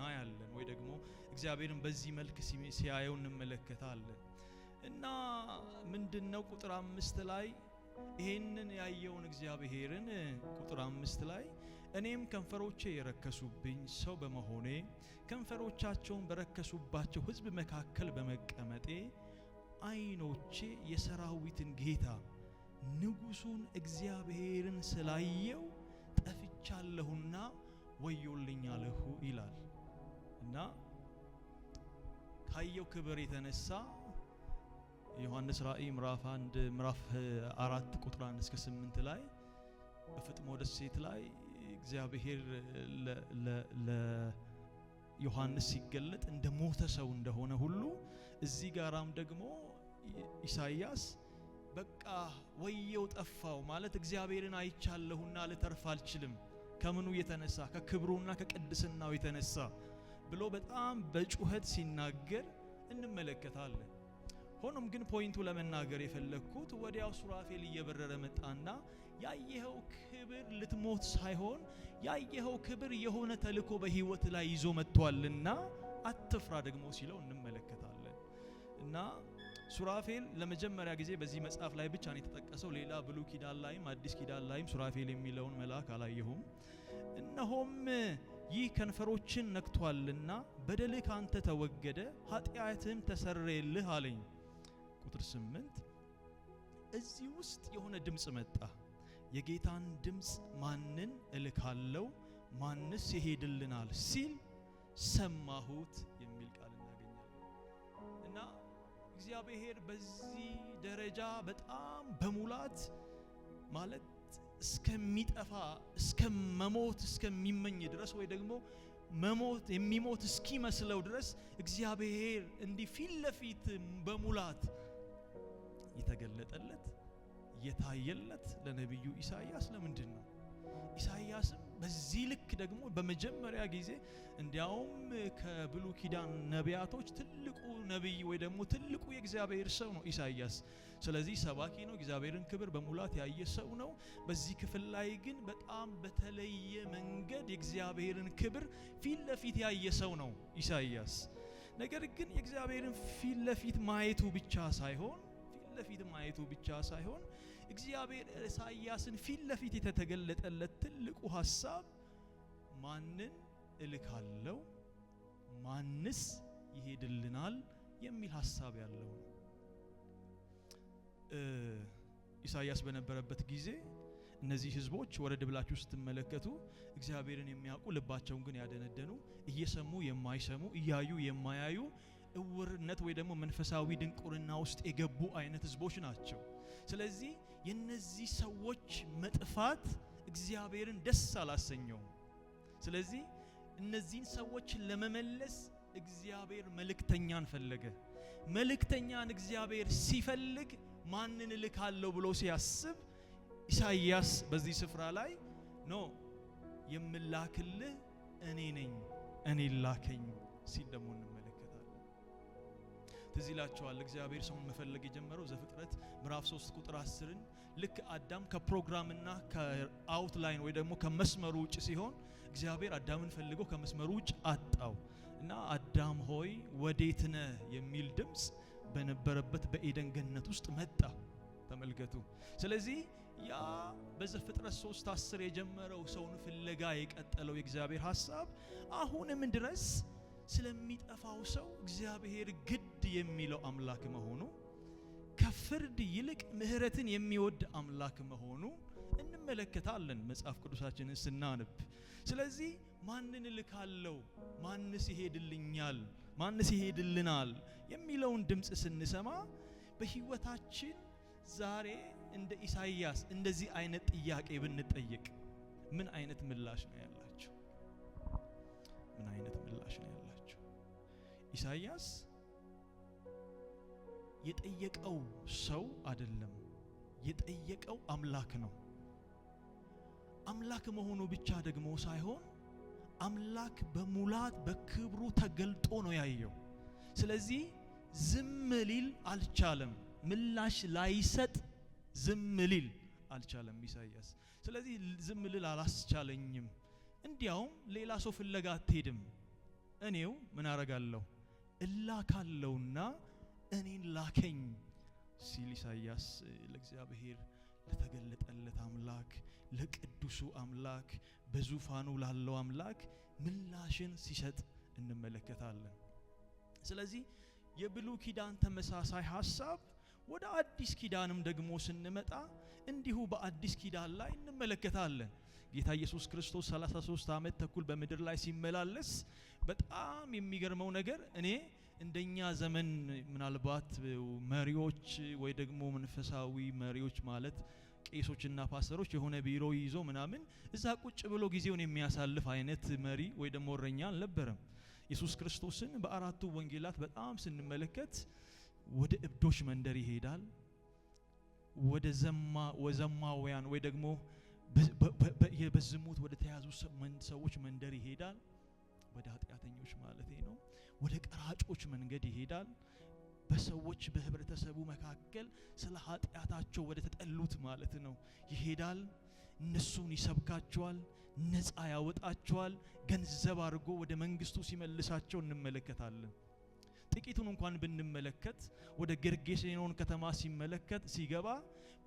እናያለን ወይ ደግሞ እግዚአብሔርን በዚህ መልክ ሲያየው እንመለከታለን። እና ምንድነው ቁጥር አምስት ላይ ይሄንን ያየውን እግዚአብሔርን ቁጥር አምስት ላይ እኔም ከንፈሮቼ የረከሱብኝ ሰው በመሆኔ ከንፈሮቻቸውን በረከሱባቸው ህዝብ መካከል በመቀመጤ አይኖቼ የሰራዊትን ጌታ ንጉሱን እግዚአብሔርን ስላየው ጠፍቻለሁና ወዮልኛለሁ ይላል። እና ካየው ክብር የተነሳ ዮሐንስ ራእይ ምዕራፍ 1 ምዕራፍ 4 ቁጥር 1 እስከ 8 ላይ በፍጥሞ ደሴት ላይ እግዚአብሔር ለዮሐንስ ሲገለጥ እንደ ሞተ ሰው እንደሆነ ሁሉ እዚህ ጋራም ደግሞ ኢሳይያስ በቃ ወየው ጠፋው ማለት እግዚአብሔርን አይቻለሁና ልተርፍ አልችልም። ከምኑ የተነሳ ከክብሩና ከቅድስናው የተነሳ ብሎ በጣም በጩኸት ሲናገር እንመለከታለን። ሆኖም ግን ፖይንቱ ለመናገር የፈለግኩት ወዲያው ሱራፌል እየበረረ መጣና ያየኸው ክብር ልትሞት ሳይሆን ያየኸው ክብር የሆነ ተልእኮ በህይወት ላይ ይዞ መጥቷልና አትፍራ ደግሞ ሲለው እንመለከታለን እና ሱራፌል ለመጀመሪያ ጊዜ በዚህ መጽሐፍ ላይ ብቻ ነው የተጠቀሰው። ሌላ ብሉይ ኪዳን ላይም አዲስ ኪዳን ላይም ሱራፌል የሚለውን መልአክ አላየሁም። እነሆም ይህ ከንፈሮችን ነክቷልና በደልህ ካንተ ተወገደ፣ ኃጢአትህም ተሰረየልህ አለኝ። ቁጥር ስምንት እዚህ ውስጥ የሆነ ድምፅ መጣ። የጌታን ድምፅ ማንን እልካለው? ማንስ ይሄድልናል? ሲል ሰማሁት የሚል ቃል እናገኛለን እና እግዚአብሔር በዚህ ደረጃ በጣም በሙላት ማለት እስከሚጠፋ እስከ መሞት እስከሚመኝ ድረስ ወይ ደግሞ መሞት የሚሞት እስኪመስለው ድረስ እግዚአብሔር እንዲህ ፊት ለፊት በሙላት የተገለጠለት የታየለት ለነቢዩ ኢሳይያስ ለምንድን ነው? ኢሳይያስም በዚህ ልክ ደግሞ በመጀመሪያ ጊዜ እንዲያውም ከብሉ ኪዳን ነቢያቶች ትልቁ ነቢይ ወይ ደግሞ ትልቁ የእግዚአብሔር ሰው ነው ኢሳይያስ። ስለዚህ ሰባኪ ነው፣ እግዚአብሔርን ክብር በሙላት ያየ ሰው ነው። በዚህ ክፍል ላይ ግን በጣም በተለየ መንገድ የእግዚአብሔርን ክብር ፊት ለፊት ያየ ሰው ነው ኢሳይያስ። ነገር ግን የእግዚአብሔርን ፊት ለፊት ማየቱ ብቻ ሳይሆን ፊት ለፊት ማየቱ ብቻ ሳይሆን እግዚአብሔር ኢሳይያስን ፊት ለፊት የተገለጠለት ትልቁ ሀሳብ ማንን እልካለው ማንስ ይሄድልናል የሚል ሀሳብ ያለው ነው። ኢሳይያስ በነበረበት ጊዜ እነዚህ ህዝቦች ወረድ ብላችሁ ስትመለከቱ እግዚአብሔርን የሚያውቁ ልባቸውን ግን ያደነደኑ እየሰሙ የማይሰሙ እያዩ የማያዩ እውርነት ወይ ደግሞ መንፈሳዊ ድንቁርና ውስጥ የገቡ አይነት ህዝቦች ናቸው። ስለዚህ የነዚህ ሰዎች መጥፋት እግዚአብሔርን ደስ አላሰኘውም። ስለዚህ እነዚህን ሰዎች ለመመለስ እግዚአብሔር መልእክተኛን ፈለገ። መልእክተኛን እግዚአብሔር ሲፈልግ ማንን እልካለሁ ብሎ ሲያስብ ኢሳይያስ በዚህ ስፍራ ላይ ኖ የምላክልህ እኔ ነኝ፣ እኔ ላከኝ ሲል ደግሞ እንመለከታለን። ትዝ ይላችኋል እግዚአብሔር ሰውን መፈለግ የጀመረው ዘፍጥረት ምዕራፍ 3 ቁጥር 10ን ልክ አዳም ከፕሮግራምና ከአውትላይን ወይ ደግሞ ከመስመሩ ውጭ ሲሆን እግዚአብሔር አዳምን ፈልጎ ከመስመሩ ውጭ አጣው እና አዳም ሆይ ወዴት ነ የሚል ድምፅ በነበረበት በኤደን ገነት ውስጥ መጣ። ተመልከቱ። ስለዚህ ያ በዘፍጥረት ሶስት አስር የጀመረው ሰውን ፍለጋ የቀጠለው የእግዚአብሔር ሀሳብ አሁንም ድረስ ስለሚጠፋው ሰው እግዚአብሔር ግድ የሚለው አምላክ መሆኑ ከፍርድ ይልቅ ምህረትን የሚወድ አምላክ መሆኑ እንመለከታለን መጽሐፍ ቅዱሳችንን ስናነብ። ስለዚህ ማንን እልካለሁ? ማንስ ይሄድልኛል? ማንስ ይሄድልናል? የሚለውን ድምፅ ስንሰማ በህይወታችን ዛሬ እንደ ኢሳይያስ እንደዚህ አይነት ጥያቄ ብንጠየቅ ምን አይነት ምላሽ ነው ያላቸው? ምን አይነት ምላሽ ነው ያላቸው? ኢሳይያስ የጠየቀው ሰው አይደለም የጠየቀው አምላክ ነው። አምላክ መሆኑ ብቻ ደግሞ ሳይሆን አምላክ በሙላት በክብሩ ተገልጦ ነው ያየው። ስለዚህ ዝም ሊል አልቻለም። ምላሽ ላይሰጥ ዝም ሊል አልቻለም ኢሳይያስ። ስለዚህ ዝም ልል አላስቻለኝም፣ እንዲያውም ሌላ ሰው ፍለጋ አትሄድም፣ እኔው ምን አረጋለሁ እላካለውና እኔን ላከኝ ሲል ኢሳያስ ለእግዚአብሔር ለተገለጠለት አምላክ ለቅዱሱ አምላክ በዙፋኑ ላለው አምላክ ምላሽን ሲሰጥ እንመለከታለን። ስለዚህ የብሉ ኪዳን ተመሳሳይ ሀሳብ ወደ አዲስ ኪዳንም ደግሞ ስንመጣ እንዲሁ በአዲስ ኪዳን ላይ እንመለከታለን። ጌታ ኢየሱስ ክርስቶስ 33 ዓመት ተኩል በምድር ላይ ሲመላለስ በጣም የሚገርመው ነገር እኔ እንደኛ ዘመን ምናልባት መሪዎች ወይ ደግሞ መንፈሳዊ መሪዎች ማለት ቄሶችና ፓስተሮች የሆነ ቢሮ ይዞ ምናምን እዛ ቁጭ ብሎ ጊዜውን የሚያሳልፍ አይነት መሪ ወይ ደግሞ እረኛ አልነበረም። ኢየሱስ ክርስቶስን በአራቱ ወንጌላት በጣም ስንመለከት ወደ እብዶች መንደር ይሄዳል። ወደ ዘማ ወዘማውያን ወይ ደግሞ በዝሙት ወደ ተያዙ ሰዎች መንደር ይሄዳል። ወደ ኃጢአተኞች ማለቴ ነው፣ ወደ ቀራጮች መንገድ ይሄዳል። በሰዎች በህብረተሰቡ መካከል ስለ ኃጢአታቸው ወደ ተጠሉት ማለት ነው ይሄዳል። እነሱን ይሰብካቸዋል፣ ነፃ ያወጣቸዋል፣ ገንዘብ አድርጎ ወደ መንግስቱ ሲመልሳቸው እንመለከታለን። ጥቂቱን እንኳን ብንመለከት ወደ ገርጌሴኖን ከተማ ሲመለከት ሲገባ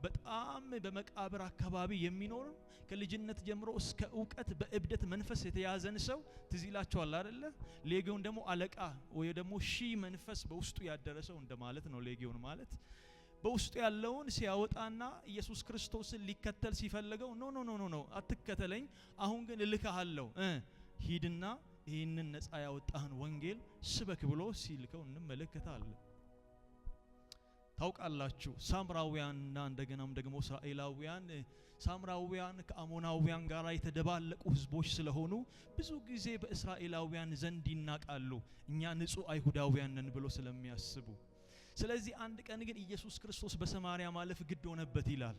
በጣም በመቃብር አካባቢ የሚኖር ከልጅነት ጀምሮ እስከ እውቀት በእብደት መንፈስ የተያዘን ሰው ትዝ ይላቸዋል አይደለ? ሌጌውን ደግሞ አለቃ ወይ ደግሞ ሺህ መንፈስ በውስጡ ያደረ ሰው እንደማለት ነው። ሌጌውን ማለት በውስጡ ያለውን ሲያወጣና ኢየሱስ ክርስቶስን ሊከተል ሲፈልገው ኖ ኖ ኖ ኖ አትከተለኝ፣ አሁን ግን እልካሃለሁ፣ ሂድና ይህንን ነፃ ያወጣህን ወንጌል ስበክ ብሎ ሲልከው እንመለከታለን። ታውቃላችሁ ሳምራውያንና እንደገናም ደግሞ እስራኤላውያን ሳምራውያን ከአሞናውያን ጋር የተደባለቁ ህዝቦች ስለሆኑ ብዙ ጊዜ በእስራኤላውያን ዘንድ ይናቃሉ፣ እኛ ንጹህ አይሁዳውያን ነን ብሎ ስለሚያስቡ። ስለዚህ አንድ ቀን ግን ኢየሱስ ክርስቶስ በሰማርያ ማለፍ ግድ ሆነበት ይላል።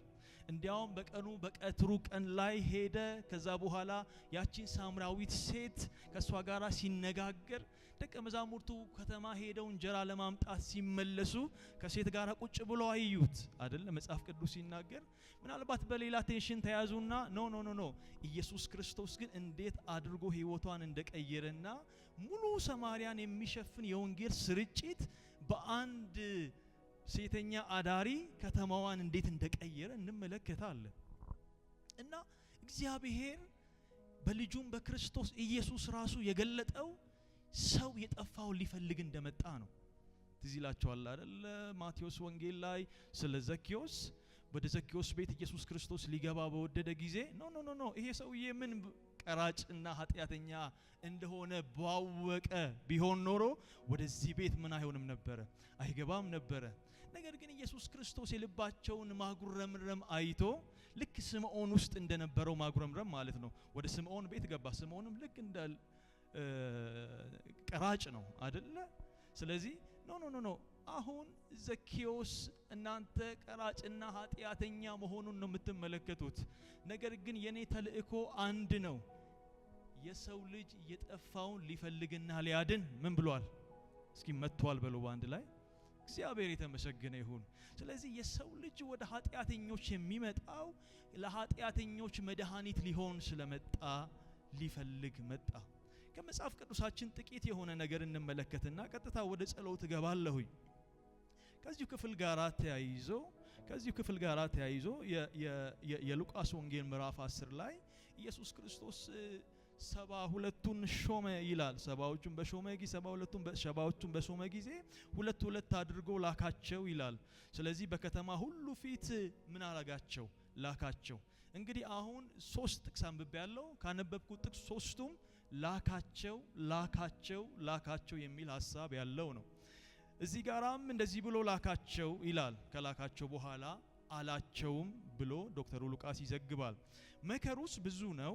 እንዲያውም በቀኑ በቀትሩ ቀን ላይ ሄደ። ከዛ በኋላ ያቺን ሳምራዊት ሴት ከእሷ ጋር ሲነጋገር ደቀ መዛሙርቱ ከተማ ሄደው እንጀራ ለማምጣት ሲመለሱ ከሴት ጋር ቁጭ ብሎ አዩት አደለ? መጽሐፍ ቅዱስ ሲናገር ምናልባት በሌላ ቴንሽን ተያዙና፣ ኖ ኖ ኖ ኖ ኢየሱስ ክርስቶስ ግን እንዴት አድርጎ ህይወቷን እንደቀየረና ሙሉ ሰማሪያን የሚሸፍን የወንጌል ስርጭት በአንድ ሴተኛ አዳሪ ከተማዋን እንዴት እንደቀየረ እንመለከታለን። እና እግዚአብሔር በልጁም በክርስቶስ ኢየሱስ ራሱ የገለጠው ሰው የጠፋውን ሊፈልግ እንደመጣ ነው። ትዝ ይላችኋል አይደለ? ማቴዎስ ወንጌል ላይ ስለ ዘኪዮስ ወደ ዘኪዮስ ቤት ኢየሱስ ክርስቶስ ሊገባ በወደደ ጊዜ ኖ ኖ ኖ ኖ ይሄ ሰውዬ ምን ቀራጭና ኃጢአተኛ እንደሆነ ባወቀ ቢሆን ኖሮ ወደዚህ ቤት ምን አይሆንም ነበረ፣ አይገባም ነበረ። ነገር ግን ኢየሱስ ክርስቶስ የልባቸውን ማጉረምረም አይቶ ልክ ስምዖን ውስጥ እንደነበረው ማጉረምረም ማለት ነው፣ ወደ ስምዖን ቤት ገባ። ስምዖንም ልክ ቀራጭ ነው አደለ? ስለዚህ ኖ ኖ ኖ ኖ አሁን ዘኬዎስ እናንተ ቀራጭና ኃጢአተኛ መሆኑን ነው የምትመለከቱት። ነገር ግን የኔ ተልእኮ አንድ ነው። የሰው ልጅ የጠፋውን ሊፈልግና ሊያድን ምን ብሏል? እስኪ መጥቷል በሉ በአንድ ላይ እግዚአብሔር የተመሰገነ ይሁን። ስለዚህ የሰው ልጅ ወደ ኃጢአተኞች የሚመጣው ለኃጢአተኞች መድኃኒት ሊሆን ስለመጣ ሊፈልግ መጣ። ከመጽሐፍ ቅዱሳችን ጥቂት የሆነ ነገር እንመለከትና ቀጥታ ወደ ጸሎት እገባለሁኝ። ከዚሁ ክፍል ጋር ተያይዞ ከዚሁ ክፍል ጋር ተያይዞ የሉቃስ ወንጌል ምዕራፍ 10 ላይ ኢየሱስ ክርስቶስ ሰባ ሁለቱን ሾመ ይላል። ሰባዎቹን በሾመ ጊዜ ሰባ ሁለቱን ሰባዎቹን በሾመ ጊዜ ሁለት ሁለት አድርጎ ላካቸው ይላል። ስለዚህ በከተማ ሁሉ ፊት ምን አረጋቸው? ላካቸው። እንግዲህ አሁን ሶስት ጥቅስ አንብቤ ያለው ካነበብኩት ጥቅስ ሶስቱም ላካቸው ላካቸው ላካቸው የሚል ሀሳብ ያለው ነው። እዚህ ጋራም እንደዚህ ብሎ ላካቸው ይላል። ከላካቸው በኋላ አላቸውም ብሎ ዶክተሩ ሉቃስ ይዘግባል። መከሩስ ብዙ ነው፣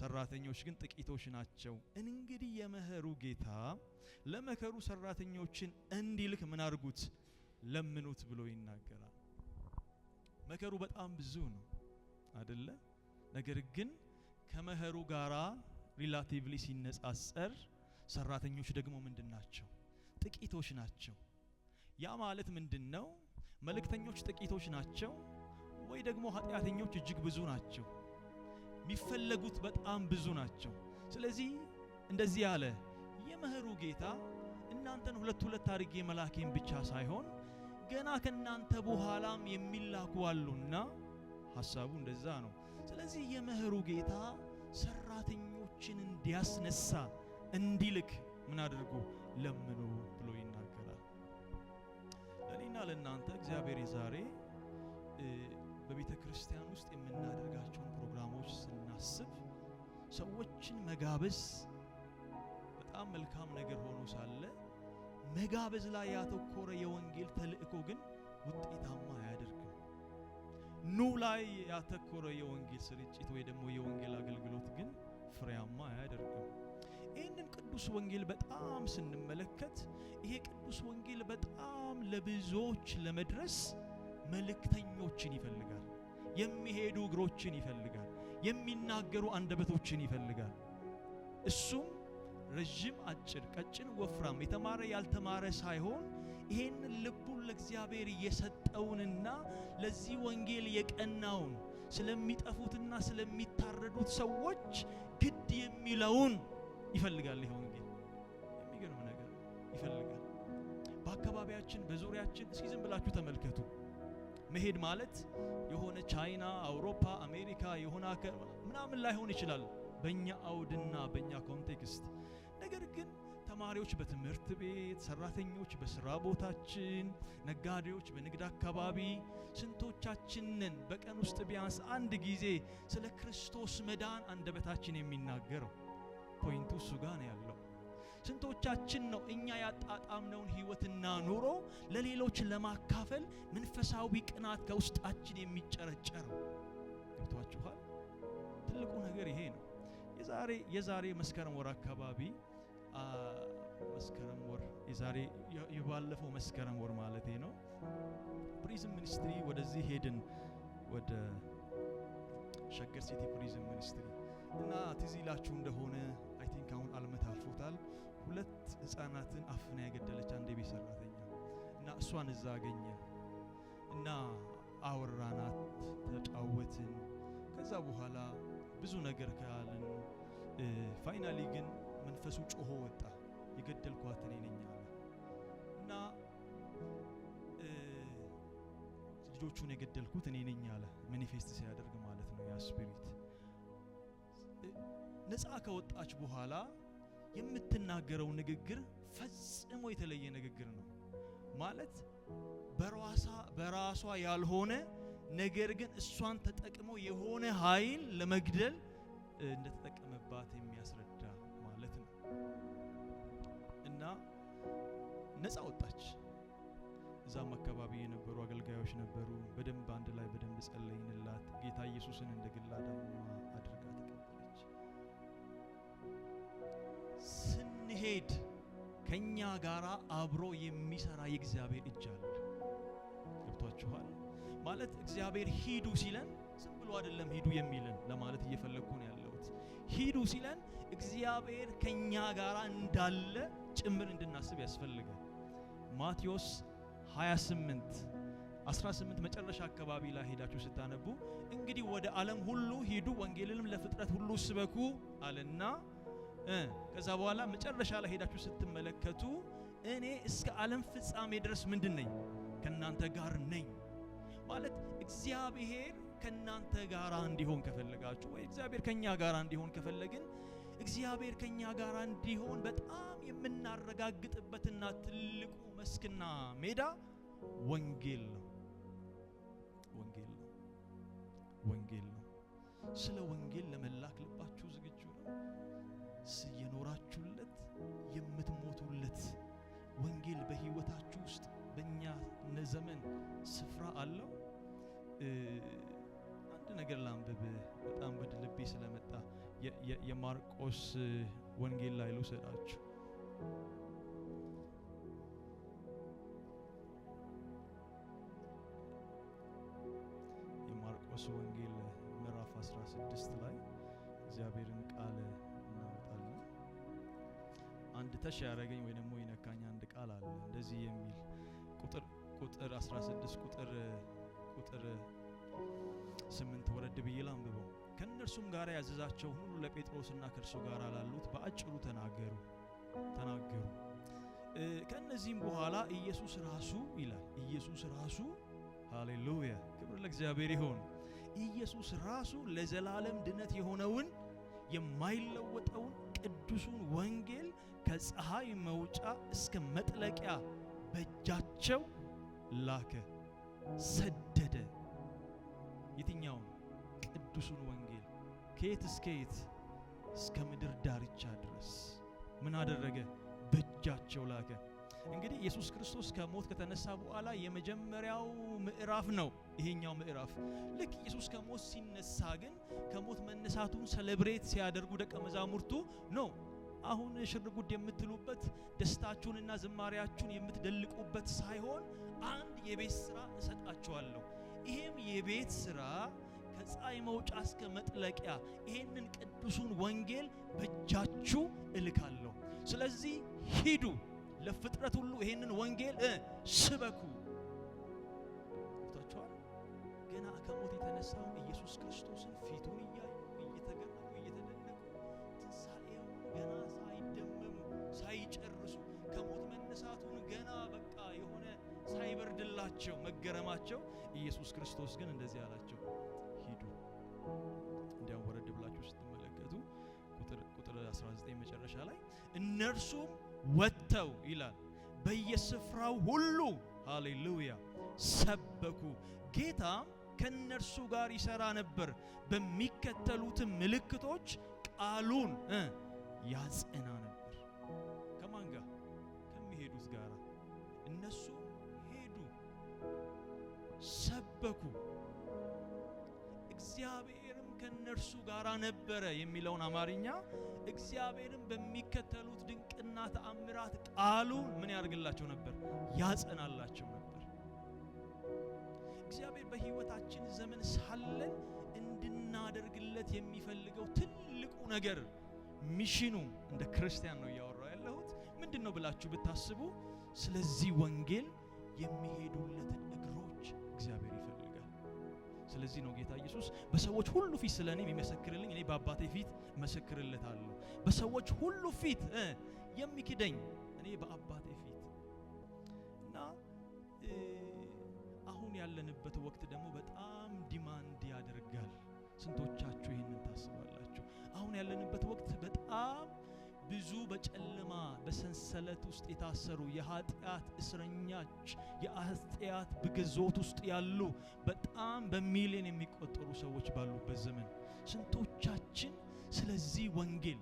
ሰራተኞች ግን ጥቂቶች ናቸው። እንግዲህ የመኸሩ ጌታ ለመከሩ ሰራተኞችን እንዲልክ ምን አድርጉት ለምኑት ብሎ ይናገራል። መከሩ በጣም ብዙ ነው አደለ? ነገር ግን ከመኸሩ ጋራ ሪላቲቭሊ ሲነጻጸር ሰራተኞች ደግሞ ምንድን ናቸው? ጥቂቶች ናቸው። ያ ማለት ምንድን ነው? መልእክተኞች ጥቂቶች ናቸው ወይ ደግሞ ኃጢአተኞች እጅግ ብዙ ናቸው? የሚፈለጉት በጣም ብዙ ናቸው። ስለዚህ እንደዚህ ያለ የመኸሩ ጌታ እናንተን ሁለት ሁለት አድርጌ መላኬን ብቻ ሳይሆን ገና ከእናንተ በኋላም የሚላኩ አሉና ሀሳቡ እንደዛ ነው። ስለዚህ የመኸሩ ጌታ ሰራተኞችን እንዲያስነሳ እንዲልክ ምን አድርጉ ለምኑ ብሎ ይናገራል። ለእኔና ለእናንተ እግዚአብሔር ዛሬ በቤተ ክርስቲያን ውስጥ የምናደርጋቸውን ፕሮግራሞች ስናስብ ሰዎችን መጋበዝ በጣም መልካም ነገር ሆኖ ሳለ መጋበዝ ላይ ያተኮረ የወንጌል ተልእኮ ግን ውጤታማ ኑ ላይ ያተኮረ የወንጌል ስርጭት ወይ ደግሞ የወንጌል አገልግሎት ግን ፍሬያማ አያደርግም። ይህንን ቅዱስ ወንጌል በጣም ስንመለከት ይሄ ቅዱስ ወንጌል በጣም ለብዙዎች ለመድረስ መልእክተኞችን ይፈልጋል። የሚሄዱ እግሮችን ይፈልጋል። የሚናገሩ አንደበቶችን ይፈልጋል። እሱም ረዥም፣ አጭር፣ ቀጭን፣ ወፍራም፣ የተማረ ያልተማረ ሳይሆን ይሄን ልቡን ለእግዚአብሔር የሰጠውንና ለዚህ ወንጌል የቀናውን ስለሚጠፉትና ስለሚታረዱት ሰዎች ግድ የሚለውን ይፈልጋል። ይሄ ወንጌል የሚገርም ነገር ይፈልጋል። በአካባቢያችን በዙሪያችን እስኪ ዝም ብላችሁ ተመልከቱ። መሄድ ማለት የሆነ ቻይና፣ አውሮፓ፣ አሜሪካ የሆነ ምናምን ላይሆን ይችላል በእኛ አውድና በእኛ ኮንቴክስት ነገር ግን ተማሪዎች በትምህርት ቤት፣ ሰራተኞች በስራ ቦታችን፣ ነጋዴዎች በንግድ አካባቢ ስንቶቻችንን በቀን ውስጥ ቢያንስ አንድ ጊዜ ስለ ክርስቶስ መዳን አንደበታችን የሚናገረው? ፖይንቱ እሱ ጋር ነው ያለው። ስንቶቻችን ነው እኛ ያጣጣምነውን ህይወትና ኑሮ ለሌሎች ለማካፈል መንፈሳዊ ቅናት ከውስጣችን የሚጨረጨረው? ገብቷችኋል? ትልቁ ነገር ይሄ ነው። የዛሬ የዛሬ መስከረም ወር አካባቢ መስከረም ወር የዛሬ የባለፈው መስከረም ወር ማለት ነው። ፕሪዝም ሚኒስትሪ ወደዚህ ሄድን፣ ወደ ሸገር ሲቲ ቱሪዝም ሚኒስትሪ እና ትዝ ይላችሁ እንደሆነ አይ ቲንክ አሁን አልመት አልፎታል። ሁለት ህጻናትን አፍና ያገደለች አንድ የቤት ሰራተኛ እና እሷን እዛ አገኘ እና አወራናት፣ ተጫወትን። ከዛ በኋላ ብዙ ነገር ካልን ፋይናሊ ግን መንፈሱ ጮሆ ወጣ። የገደልኳት እኔ ነኝ አለ እና ልጆቹን የገደልኩት እኔ ነኝ አለ። ማኒፌስት ሲያደርግ ማለት ነው ያ ስፒሪት ነፃ ከወጣች በኋላ የምትናገረው ንግግር ፈጽሞ የተለየ ንግግር ነው። ማለት በራሷ በራሷ ያልሆነ ነገር ግን እሷን ተጠቅሞ የሆነ ኃይል ለመግደል እንደተጠቀመባት እና ነፃ ወጣች። እዛም አካባቢ የነበሩ አገልጋዮች ነበሩ። በደንብ አንድ ላይ በደንብ ጸለይንላት። ጌታ ኢየሱስን እንደ ግል አዳኟ አድርጋ ተቀበለች። ስንሄድ ከኛ ጋራ አብሮ የሚሰራ የእግዚአብሔር እጅ አለ። ገብቷችኋል? ማለት እግዚአብሔር ሂዱ ሲለን ዝም ብሎ አይደለም ሂዱ የሚልን ለማለት እየፈለግኩ ነው ያለሁት። ሂዱ ሲለን እግዚአብሔር ከኛ ጋር እንዳለ ጭምር እንድናስብ ያስፈልጋል። ማቴዎስ 28 18 መጨረሻ አካባቢ ላይ ሄዳችሁ ስታነቡ እንግዲህ ወደ ዓለም ሁሉ ሂዱ ወንጌልንም ለፍጥረት ሁሉ ስበኩ አለና ከዛ በኋላ መጨረሻ ላይ ሄዳችሁ ስትመለከቱ እኔ እስከ ዓለም ፍጻሜ ድረስ ምንድን ነኝ? ከእናንተ ጋር ነኝ ማለት እግዚአብሔር ከእናንተ ጋር እንዲሆን ከፈለጋችሁ ወይ እግዚአብሔር ከእኛ ጋር እንዲሆን ከፈለግን እግዚአብሔር ከኛ ጋር እንዲሆን በጣም የምናረጋግጥበትና ትልቁ መስክና ሜዳ ወንጌል ነው። ወንጌል ነው። ወንጌል ነው። ስለ ወንጌል ለመላክ ልባችሁ ዝግጁ ነው? የኖራችሁለት የምትሞቱለት ወንጌል በህይወታችሁ ውስጥ በእኛ ዘመን ስፍራ አለው። አንድ ነገር ላንብብ፣ በጣም ወደ ልቤ ስለመጣ የማርቆስ ወንጌል ላይ ልውሰዳችሁ። የማርቆስ ወንጌል ምዕራፍ 16 ላይ እግዚአብሔርን ቃል እናወጣለን። አንድ ተሽ ያደረገኝ ወይ ደግሞ ይነካኝ አንድ ቃል አለ እንደዚህ የሚል ቁጥር ቁጥር 16 ቁጥር ቁጥር 8 ወረድ ብዬ ላንብበው ከእነርሱም ጋር ያዘዛቸው ሁሉ ለጴጥሮስና ከእርሱ ጋር ላሉት በአጭሩ ተናገሩ ተናገሩ። ከእነዚህም በኋላ ኢየሱስ ራሱ ይላል ኢየሱስ ራሱ ሃሌሉያ፣ ክብር ለእግዚአብሔር ይሆን። ኢየሱስ ራሱ ለዘላለም ድነት የሆነውን የማይለወጠውን ቅዱሱን ወንጌል ከፀሐይ መውጫ እስከ መጥለቂያ በእጃቸው ላከ፣ ሰደደ። የትኛውን ቅዱሱን ወንጌል ከየት እስከ የት እስከ ምድር ዳርቻ ድረስ ምን አደረገ? በእጃቸው ላከ። እንግዲህ ኢየሱስ ክርስቶስ ከሞት ከተነሳ በኋላ የመጀመሪያው ምዕራፍ ነው ይሄኛው ምዕራፍ። ልክ ኢየሱስ ከሞት ሲነሳ ግን ከሞት መነሳቱን ሰለብሬት ሲያደርጉ ደቀ መዛሙርቱ ነው አሁን ሽርጉድ የምትሉበት ደስታችሁንና ዝማሪያችሁን የምትደልቁበት ሳይሆን አንድ የቤት ስራ እሰጣችኋለሁ። ይሄም የቤት ስራ ከፀሐይ መውጫ እስከ መጥለቂያ ይህንን ቅዱሱን ወንጌል በእጃችሁ እልካለሁ። ስለዚህ ሂዱ፣ ለፍጥረት ሁሉ ይህንን ወንጌል ስበኩ። ታቸዋል ገና ከሞት የተነሳው ኢየሱስ ክርስቶስን ፊቱን እያዩ እየተገረሙ እየተደነቁ ትንሣኤውን ገና ሳይደመሙ ሳይጨርሱ ከሞት መነሳቱን ገና በቃ የሆነ ሳይበርድላቸው መገረማቸው ኢየሱስ ክርስቶስ ግን እንደዚህ አላቸው። እነርሱም ወጥተው ይላል በየስፍራው ሁሉ ሃሌሉያ ሰበኩ። ጌታ ከእነርሱ ጋር ይሰራ ነበር። በሚከተሉትም ምልክቶች ቃሉን ያጽና ነበር። ከማን ጋር? ከሚሄዱት ጋር። እነሱ ሄዱ፣ ሰበኩ። እግዚአብሔርም ከእነርሱ ጋር ነበር። ነበረ የሚለውን አማርኛ እግዚአብሔርን በሚከተሉት ድንቅና ተአምራት ቃሉ ምን ያደርግላቸው ነበር? ያጸናላቸው ነበር። እግዚአብሔር በሕይወታችን ዘመን ሳለን እንድናደርግለት የሚፈልገው ትልቁ ነገር ሚሽኑ እንደ ክርስቲያን ነው እያወራው ያለሁት ምንድን ነው ብላችሁ ብታስቡ፣ ስለዚህ ወንጌል የሚሄዱለትን እግሮች እግዚአብሔር ስለዚህ ነው ጌታ ኢየሱስ በሰዎች ሁሉ ፊት ስለ እኔ የሚመሰክርልኝ እኔ በአባቴ ፊት መሰክርለታለሁ። በሰዎች ሁሉ ፊት የሚክደኝ እኔ በአባቴ ፊት እና አሁን ያለንበት ወቅት ደግሞ በጣም ዲማንድ ያደርጋል። ስንቶቻችሁ ይህንን ታስባላችሁ? አሁን ያለንበት ወቅት በጣም ብዙ በጨለማ በሰንሰለት ውስጥ የታሰሩ የኃጢአት እስረኞች የኃጢአት በግዞት ውስጥ ያሉ በጣም በሚሊዮን የሚቆጠሩ ሰዎች ባሉበት ዘመን ስንቶቻችን ስለዚህ ወንጌል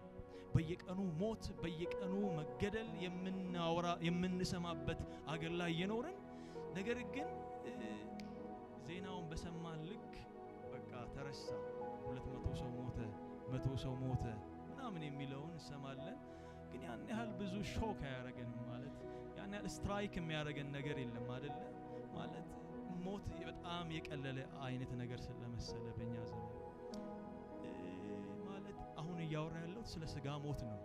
በየቀኑ ሞት፣ በየቀኑ መገደል የምናወራ የምንሰማበት አገር ላይ የኖርን ነገር ግን ዜናውን በሰማን ልክ በቃ ተረሳ። ሁለት መቶ ሰው ሞተ፣ መቶ ሰው ሞተ ምናምን የሚለውን እንሰማለን። ግን ያን ያህል ብዙ ሾክ አያረገንም ማለት ያን ያህል ስትራይክ የሚያደረገን ነገር የለም አደለ ማለት ሞት በጣም የቀለለ አይነት ነገር ስለመሰለ በእኛ ዘመን ማለት አሁን እያወራ ያለሁት ስለ ስጋ ሞት ነው።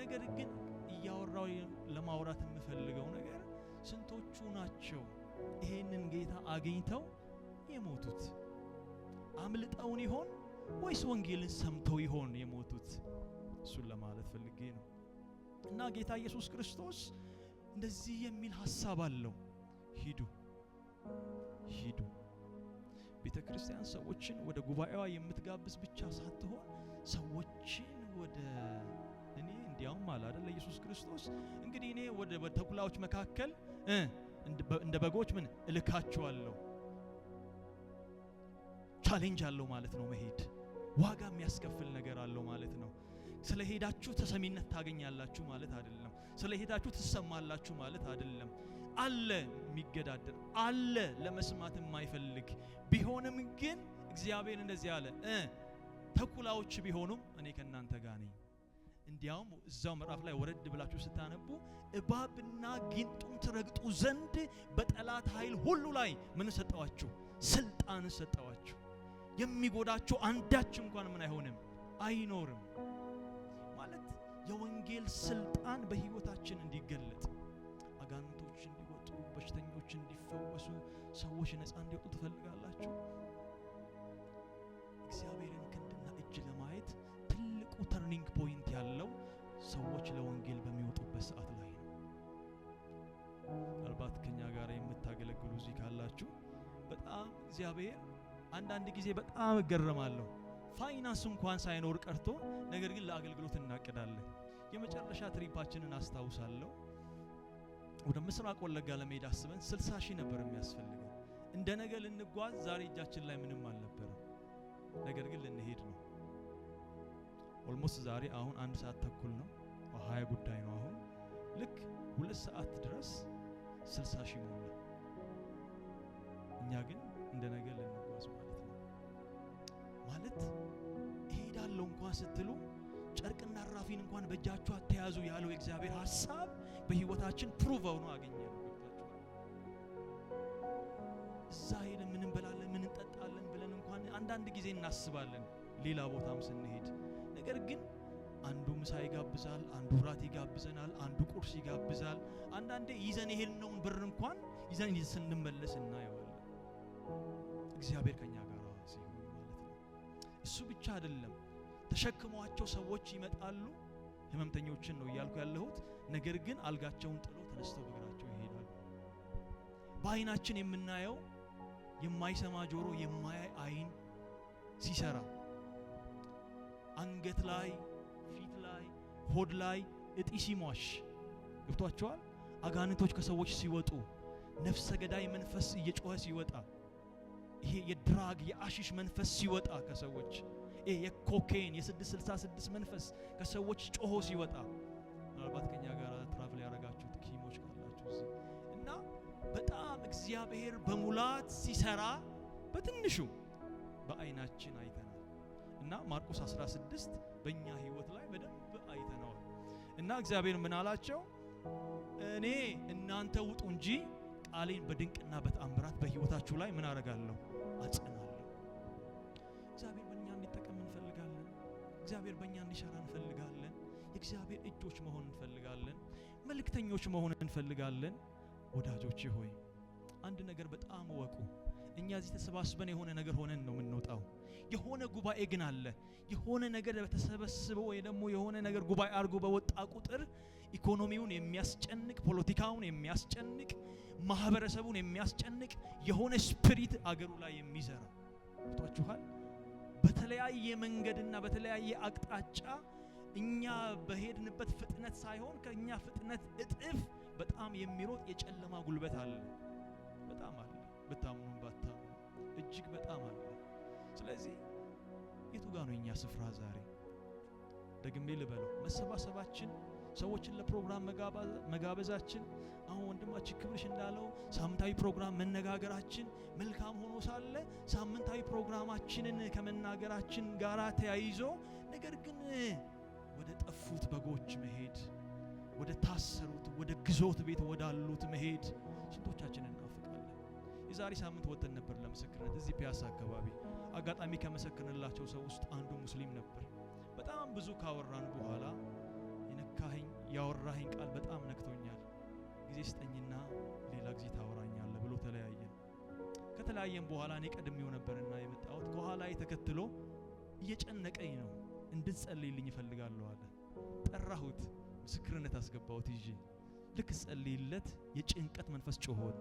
ነገር ግን እያወራው ለማውራት የምፈልገው ነገር ስንቶቹ ናቸው ይሄንን ጌታ አግኝተው የሞቱት? አምልጠውን ይሆን ወይስ ወንጌልን ሰምተው ይሆን የሞቱት? እሱን ለማለት ፈልጌ ነው። እና ጌታ ኢየሱስ ክርስቶስ እንደዚህ የሚል ሀሳብ አለው፣ ሂዱ ሂዱ። ቤተ ክርስቲያን ሰዎችን ወደ ጉባኤዋ የምትጋብዝ ብቻ ሳትሆን ሰዎችን ወደ እኔ እንዲያውም አለ አይደል ኢየሱስ ክርስቶስ እንግዲህ እኔ ወደ ተኩላዎች መካከል እንደ በጎች ምን እልካችኋለሁ። ቻሌንጅ አለው ማለት ነው። መሄድ ዋጋ የሚያስከፍል ነገር አለው ማለት ነው። ስለ ሄዳችሁ ተሰሚነት ታገኛላችሁ ማለት አይደለም። ስለ ሄዳችሁ ትሰማላችሁ ማለት አይደለም። አለ የሚገዳደር አለ ለመስማት የማይፈልግ ቢሆንም ግን እግዚአብሔር እንደዚህ አለ እ ተኩላዎች ቢሆኑም እኔ ከእናንተ ጋር ነኝ። እንዲያውም እዛው ምዕራፍ ላይ ወረድ ብላችሁ ስታነቡ እባብና ጊንጡን ትረግጡ ዘንድ በጠላት ኃይል ሁሉ ላይ ምን ሰጠዋችሁ? ስልጣን ሰጠዋችሁ። የሚጎዳችሁ አንዳች እንኳን ምን አይሆንም አይኖርም። የወንጌል ስልጣን በህይወታችን እንዲገለጥ አጋንንቶች እንዲወጡ፣ በሽተኞች እንዲፈወሱ፣ ሰዎች ነፃ እንዲወጡ ትፈልጋላችሁ? እግዚአብሔርን ክንድና እጅ ለማየት ትልቁ ተርኒንግ ፖይንት ያለው ሰዎች ለወንጌል በሚወጡበት ሰዓት ላይ ነው። ምናልባት ከኛ ጋር የምታገለግሉ እዚህ ካላችሁ በጣም እግዚአብሔር አንዳንድ ጊዜ በጣም እገረማለሁ። ፋይናንስ እንኳን ሳይኖር ቀርቶ ነገር ግን ለአገልግሎት እናቅዳለን። የመጨረሻ ትሪፓችንን አስታውሳለሁ። ወደ ምስራቅ ወለጋ ለመሄድ አስበን ስልሳ ሺህ ነበር የሚያስፈልገን። እንደ ነገ ልንጓዝ ዛሬ እጃችን ላይ ምንም አልነበረም። ነገር ግን ልንሄድ ነው። ኦልሞስት ዛሬ አሁን አንድ ሰዓት ተኩል ነው፣ ሀያ ጉዳይ ነው። አሁን ልክ ሁለት ሰዓት ድረስ 60 ሺህ ሞላ። እኛ ግን ስትሉ ጨርቅና ራፊን እንኳን በእጃችሁ አተያዙ ያለው የእግዚአብሔር ሀሳብ በህይወታችን ፕሩቭ ሆኖ አገኘነው። እዛ ሄደን ምን እንበላለን ምን እንጠጣለን ብለን እንኳን አንዳንድ ጊዜ እናስባለን፣ ሌላ ቦታም ስንሄድ። ነገር ግን አንዱ ምሳ ይጋብዛል፣ አንዱ ራት ይጋብዘናል፣ አንዱ ቁርስ ይጋብዛል። አንዳንዴ ይዘን የሄድነውን ብር እንኳን ይዘን ስንመለስ እናየዋለን። እግዚአብሔር ከኛ ጋር ሲሆን ማለት ነው። እሱ ብቻ አይደለም ተሸክሟቸው ሰዎች ይመጣሉ። ህመምተኞችን ነው እያልኩ ያለሁት። ነገር ግን አልጋቸውን ጥሎ ተነስተው በእግራቸው ይሄዳሉ። በአይናችን የምናየው የማይሰማ ጆሮ፣ የማያይ አይን ሲሰራ አንገት ላይ፣ ፊት ላይ፣ ሆድ ላይ እጢ ሲሟሽ ገብቷቸዋል። አጋንንቶች ከሰዎች ሲወጡ ነፍሰ ገዳይ መንፈስ እየጮኸ ሲወጣ ይሄ የድራግ የአሽሽ መንፈስ ሲወጣ ከሰዎች ይህ የኮኬን የ666 መንፈስ ከሰዎች ጮሆ ሲወጣ ምናልባት ከኛ ጋር ትራቭል ያደረጋችሁት ኪሞች ካላችሁ እዚህ እና በጣም እግዚአብሔር በሙላት ሲሰራ በትንሹ በአይናችን አይተናል እና ማርቆስ 16 በእኛ ህይወት ላይ በደንብ አይተነዋል። እና እግዚአብሔር ምን አላቸው? እኔ እናንተ ውጡ እንጂ ቃሌን በድንቅና በተአምራት በህይወታችሁ ላይ ምን አረጋለሁ አጽና እግዚአብሔር በእኛ እንዲሰራ እንፈልጋለን። የእግዚአብሔር እጆች መሆን እንፈልጋለን። መልእክተኞች መሆን እንፈልጋለን። ወዳጆች ሆይ አንድ ነገር በጣም እወቁ። እኛ እዚህ ተሰባስበን የሆነ ነገር ሆነን ነው የምንወጣው። የሆነ ጉባኤ ግን አለ። የሆነ ነገር በተሰበስበው ወይ ደግሞ የሆነ ነገር ጉባኤ አድርጎ በወጣ ቁጥር ኢኮኖሚውን የሚያስጨንቅ ፖለቲካውን የሚያስጨንቅ ማህበረሰቡን የሚያስጨንቅ የሆነ ስፒሪት አገሩ ላይ የሚዘራ ታችኋል። በተለያየ መንገድና በተለያየ አቅጣጫ እኛ በሄድንበት ፍጥነት ሳይሆን ከእኛ ፍጥነት እጥፍ በጣም የሚሮጥ የጨለማ ጉልበት አለ። በጣም አለ። ብታምኑም ባታምኑ እጅግ በጣም አለ። ስለዚህ የቱ ጋር ነው የእኛ ስፍራ? ዛሬ ደግሜ ልበለው፣ መሰባሰባችን፣ ሰዎችን ለፕሮግራም መጋበዛችን አሁን ወንድማችን ክብርሽ እንዳለው ሳምንታዊ ፕሮግራም መነጋገራችን መልካም ሆኖ ሳለ ሳምንታዊ ፕሮግራማችንን ከመናገራችን ጋር ተያይዞ ነገር ግን ወደ ጠፉት በጎች መሄድ ወደ ታሰሩት ወደ ግዞት ቤት ወዳሉት መሄድ ስንቶቻችንን እናፍቃለን። የዛሬ ሳምንት ወጥተን ነበር ለምስክርነት እዚህ ፒያሳ አካባቢ። አጋጣሚ ከመሰከንላቸው ሰው ውስጥ አንዱ ሙስሊም ነበር። በጣም ብዙ ካወራን በኋላ የነካኸኝ ያወራኸኝ ቃል በጣም ነክቶኝ ጊዜ ስጠኝና ሌላ ጊዜ ታወራኛለህ ብሎ ተለያየ። ከተለያየም በኋላ እኔ ቀድሜው ነበርና የመጣሁት ከኋላ ተከትሎ እየጨነቀኝ ነው እንድትጸልይልኝ እፈልጋለሁ አለ። ጠራሁት፣ ምስክርነት አስገባሁት ይዤ ልክ ጸልይለት የጭንቀት መንፈስ ጮሆ ወጣ።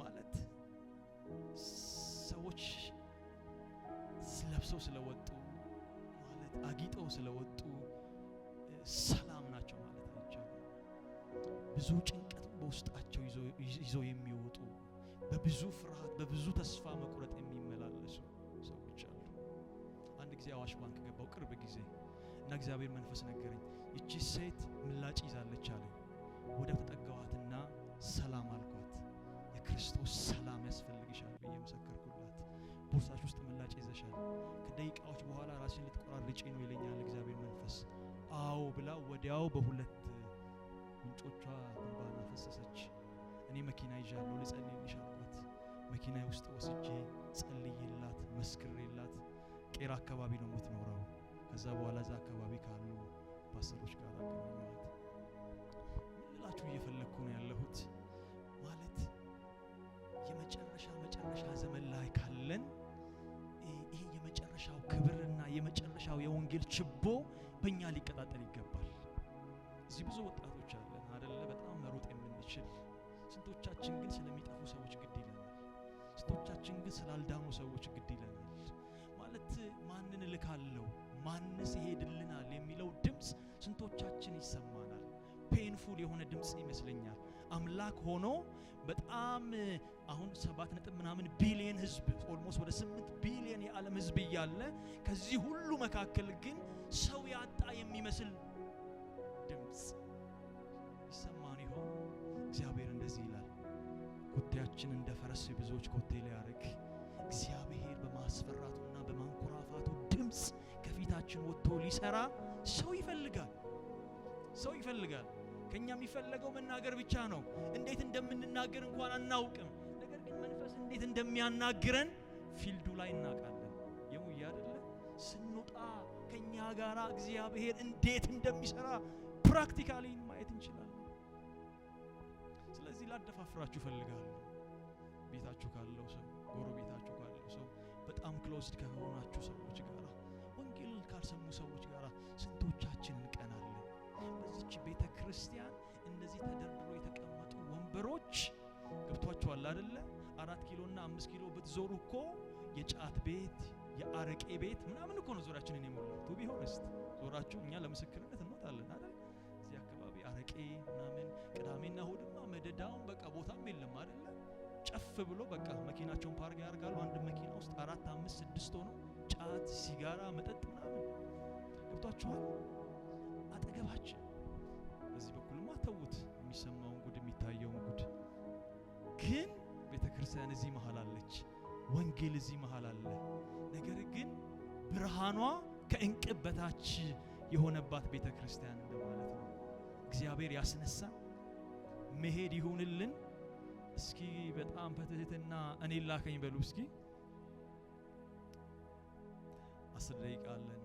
ማለት ሰዎች ለብሰው ስለወጡ ማለት አጊጠው ስለወጡ ሰላም ብዙ ጭንቀት በውስጣቸው ይዘው የሚወጡ በብዙ ፍርሃት፣ በብዙ ተስፋ መቁረጥ የሚመላለሱ ሰዎች አሉ። አንድ ጊዜ አዋሽ ባንክ ገባው ቅርብ ጊዜ እና እግዚአብሔር መንፈስ ነገረኝ፣ ይቺ ሴት ምላጭ ይዛለች አለ። ወደ ተጠጋዋትና ሰላም አልኳት። የክርስቶስ ሰላም ያስፈልግሻል ብዬ መሰከርኩላት። ቦርሳሽ ውስጥ ምላጭ ይዘሻል፣ ከደቂቃዎች በኋላ ራሴን ልትቆራርጪ ነው ይለኛል እግዚአብሔር መንፈስ። አዎ ብላ ወዲያው በሁለት ምንጮቿ እንባን አፈሰሰች። እኔ መኪና ይዣለሁ ልጸልይልሽ አልኳት። መኪና ውስጥ ወስጄ ጸልይላት፣ መስክሬላት። ቄራ አካባቢ ነው የምትኖረው። ከዛ በኋላ እዛ አካባቢ ካሉ ፓስተሮች ጋር አገናኘኋት። ምንላችሁ እየፈለግኩ ነው ያለሁት ማለት የመጨረሻ መጨረሻ ዘመን ላይ ካለን ይሄ የመጨረሻው ክብርና የመጨረሻው የወንጌል ችቦ በእኛ ሊቀጣጠል ይገባል። እዚህ ብዙ ወጣቶች አለን አደለ? በጣም መሮጥ የምንችል ስንቶቻችን ግን ስለሚጠፉ ሰዎች ግድ ይለናል። ስንቶቻችን ግን ስላልዳኑ ሰዎች ግድ ይለናል። ማለት ማንን እልካለሁ፣ ማንስ ይሄድልናል የሚለው ድምፅ ስንቶቻችን ይሰማናል። ፔንፉል የሆነ ድምፅ ይመስለኛል። አምላክ ሆኖ በጣም አሁን ሰባት ነጥብ ምናምን ቢሊየን ህዝብ ኦልሞስት ወደ ስምንት ቢሊየን የዓለም ህዝብ እያለ ከዚህ ሁሉ መካከል ግን ሰው ያጣ የሚመስል ድምፅ ይሰማን ይሆን? እግዚአብሔር እንደዚህ ይላል፣ ኮቴያችን እንደ ፈረስ ብዙዎች ኮቴ ሊያርግ እግዚአብሔር በማስፈራቱና በማንኮራፋቱ ድምፅ ከፊታችን ወጥቶ ሊሰራ ሰው ይፈልጋል። ሰው ይፈልጋል። ከኛ የሚፈለገው መናገር ብቻ ነው። እንዴት እንደምንናገር እንኳን አናውቅም። ነገር ግን መንፈስ እንዴት እንደሚያናግረን ፊልዱ ላይ እናውቃለን። የሙያ አይደለ ስንወጣ ከኛ ጋር እግዚአብሔር እንዴት እንደሚሰራ ፕራክቲካሊ ማየት እንችላለን። ስለዚህ ላደፋፍራችሁ ፈልጋለሁ። ቤታችሁ ካለው ሰው፣ ጎረቤታችሁ ካለው ሰው፣ በጣም ክሎዝድ ከሆናችሁ ሰዎች ጋር፣ ወንጌል ካልሰሙ ሰዎች ጋር ስንቶቻችን እንቀናለን? በዚች ቤተ ክርስቲያን እንደዚህ ተደርድሮ የተቀመጡ ወንበሮች ገብቷችኋል አደለ? አራት ኪሎና አምስት ኪሎ ብትዞሩ እኮ የጫት ቤት የአረቄ ቤት ምናምን እኮ ነው ዙሪያችንን የሞላው። ቢሆንስ ዞራችሁ እኛ ለምስክርነት እንወጣለን አይደል? ከፍ ብሎ በቃ መኪናቸውን ፓርክ ያደርጋሉ። አንድ መኪና ውስጥ አራት፣ አምስት፣ ስድስት ሆነው ጫት፣ ሲጋራ፣ መጠጥ ምናምን ገብቷቸዋል አጠገባችን በዚህ በኩል ማተውት የሚሰማውን ጉድ፣ የሚታየውን ጉድ። ግን ቤተ ክርስቲያን እዚህ መሀል አለች፣ ወንጌል እዚህ መሀል አለ። ነገር ግን ብርሃኗ ከእንቅብ በታች የሆነባት ቤተ ክርስቲያን እንደማለት ነው። እግዚአብሔር ያስነሳ መሄድ ይሁንልን። እስኪ በጣም በትህትና እኔ ላከኝ በሉ እስኪ አስር ደቂቃ አለን።